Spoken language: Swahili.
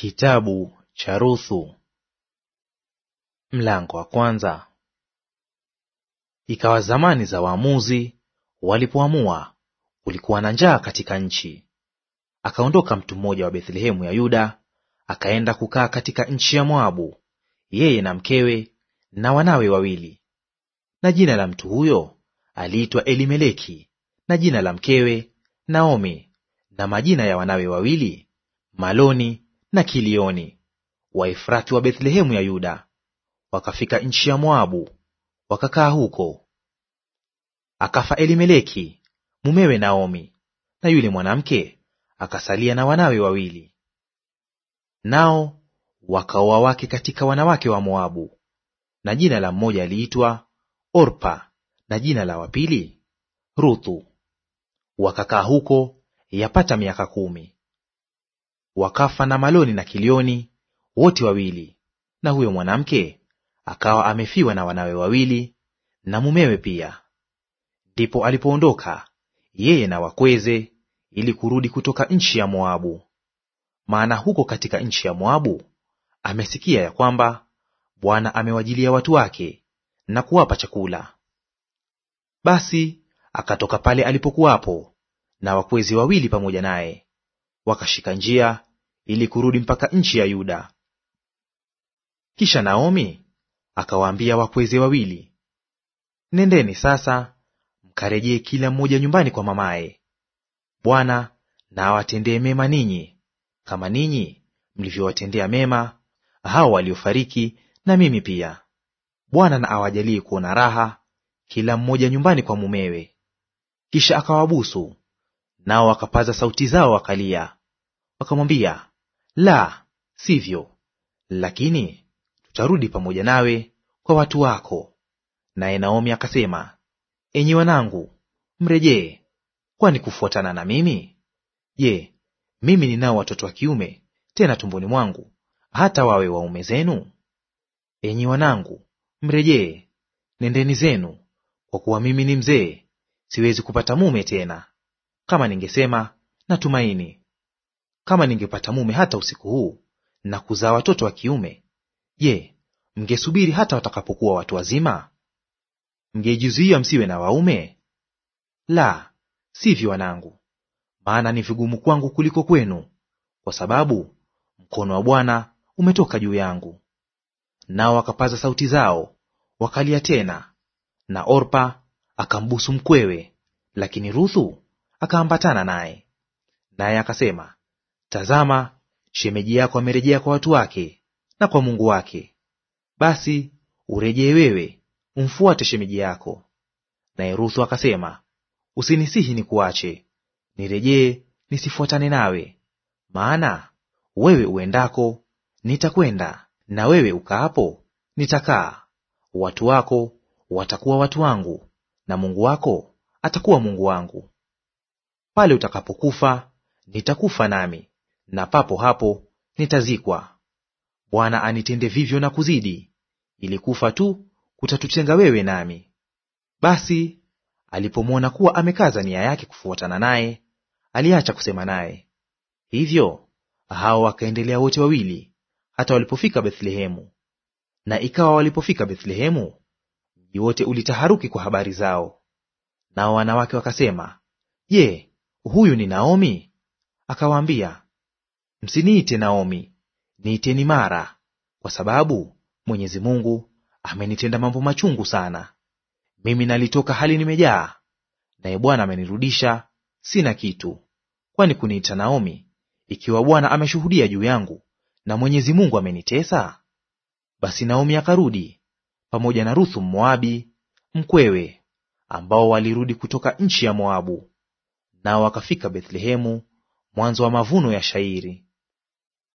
Kitabu cha Ruthu mlango wa kwanza. Ikawa zamani za waamuzi walipoamua, kulikuwa na njaa katika nchi. Akaondoka mtu mmoja wa Bethlehemu ya Yuda, akaenda kukaa katika nchi ya Moabu, yeye na mkewe na wanawe wawili. Na jina la mtu huyo aliitwa Elimeleki, na jina la mkewe Naomi, na majina ya wanawe wawili Maloni na Kilioni, Waefrathi wa Bethlehemu ya Yuda, wakafika nchi ya Moabu, wakakaa huko. Akafa Elimeleki mumewe Naomi, na yule mwanamke akasalia na wanawe wawili. Nao wakaoa wake katika wanawake wa Moabu, na jina la mmoja aliitwa Orpa na jina la wapili Ruthu. Wakakaa huko yapata miaka kumi wakafa na maloni na Kilioni wote wawili, na huyo mwanamke akawa amefiwa na wanawe wawili na mumewe pia. Ndipo alipoondoka yeye na wakweze ili kurudi kutoka nchi ya Moabu, maana huko katika nchi ya Moabu amesikia ya kwamba Bwana amewajilia watu wake na kuwapa chakula. Basi akatoka pale alipokuwapo na wakwezi wawili pamoja naye, wakashika njia ili kurudi mpaka nchi ya Yuda. Kisha Naomi akawaambia wakweze wawili, nendeni sasa mkarejee kila mmoja nyumbani kwa mamaye. Bwana na awatendee mema ninyi kama ninyi mlivyowatendea mema hao waliofariki, na mimi pia. Bwana na awajalie kuona raha kila mmoja nyumbani kwa mumewe. Kisha akawabusu, nao wakapaza sauti zao wakalia, wakamwambia, la sivyo, lakini tutarudi pamoja nawe kwa watu wako. Naye Naomi akasema, enyi wanangu, mrejee, kwani kufuatana na mimi? Je, mimi ninao watoto wa kiume tena tumboni mwangu, hata wawe waume zenu? Enyi wanangu, mrejee, nendeni zenu, kwa kuwa mimi ni mzee, siwezi kupata mume tena. Kama ningesema natumaini, kama ningepata mume hata usiku huu na kuzaa watoto wa kiume, je, mngesubiri hata watakapokuwa watu wazima? Mngejizuia msiwe na waume? La, sivyo wanangu, maana ni vigumu kwangu kuliko kwenu, kwa sababu mkono wa Bwana umetoka juu yangu. Nao wakapaza sauti zao wakalia tena, na Orpa akambusu mkwewe, lakini Ruthu akaambatana naye. Naye akasema, Tazama, shemeji yako amerejea kwa watu wake na kwa Mungu wake. Basi urejee wewe, umfuate shemeji yako. Naye Ruthu akasema, usinisihi nikuache, nirejee nisifuatane nawe, maana wewe uendako nitakwenda, na wewe ukaapo nitakaa. Watu wako watakuwa watu wangu, na Mungu wako atakuwa Mungu wangu. Pale utakapokufa nitakufa nami, na papo hapo nitazikwa. Bwana anitende vivyo na kuzidi, ili kufa tu kutatutenga wewe nami. Basi alipomwona kuwa amekaza nia yake kufuatana naye, aliacha kusema naye. Hivyo hao wakaendelea wote wawili hata walipofika Bethlehemu. Na ikawa walipofika Bethlehemu, mji wote ulitaharuki kwa habari zao. Nao wanawake wakasema, Je, huyu ni Naomi? Akawaambia, Msiniite Naomi, niiteni Mara, kwa sababu Mwenyezi Mungu amenitenda mambo machungu sana. Mimi nalitoka hali nimejaa, naye Bwana amenirudisha sina kitu. Kwani kuniita Naomi, ikiwa Bwana ameshuhudia juu yangu na Mwenyezi Mungu amenitesa? Basi Naomi akarudi pamoja na Ruthu Mmoabi mkwewe, ambao walirudi kutoka nchi ya Moabu, nao wakafika Bethlehemu mwanzo wa mavuno ya shairi.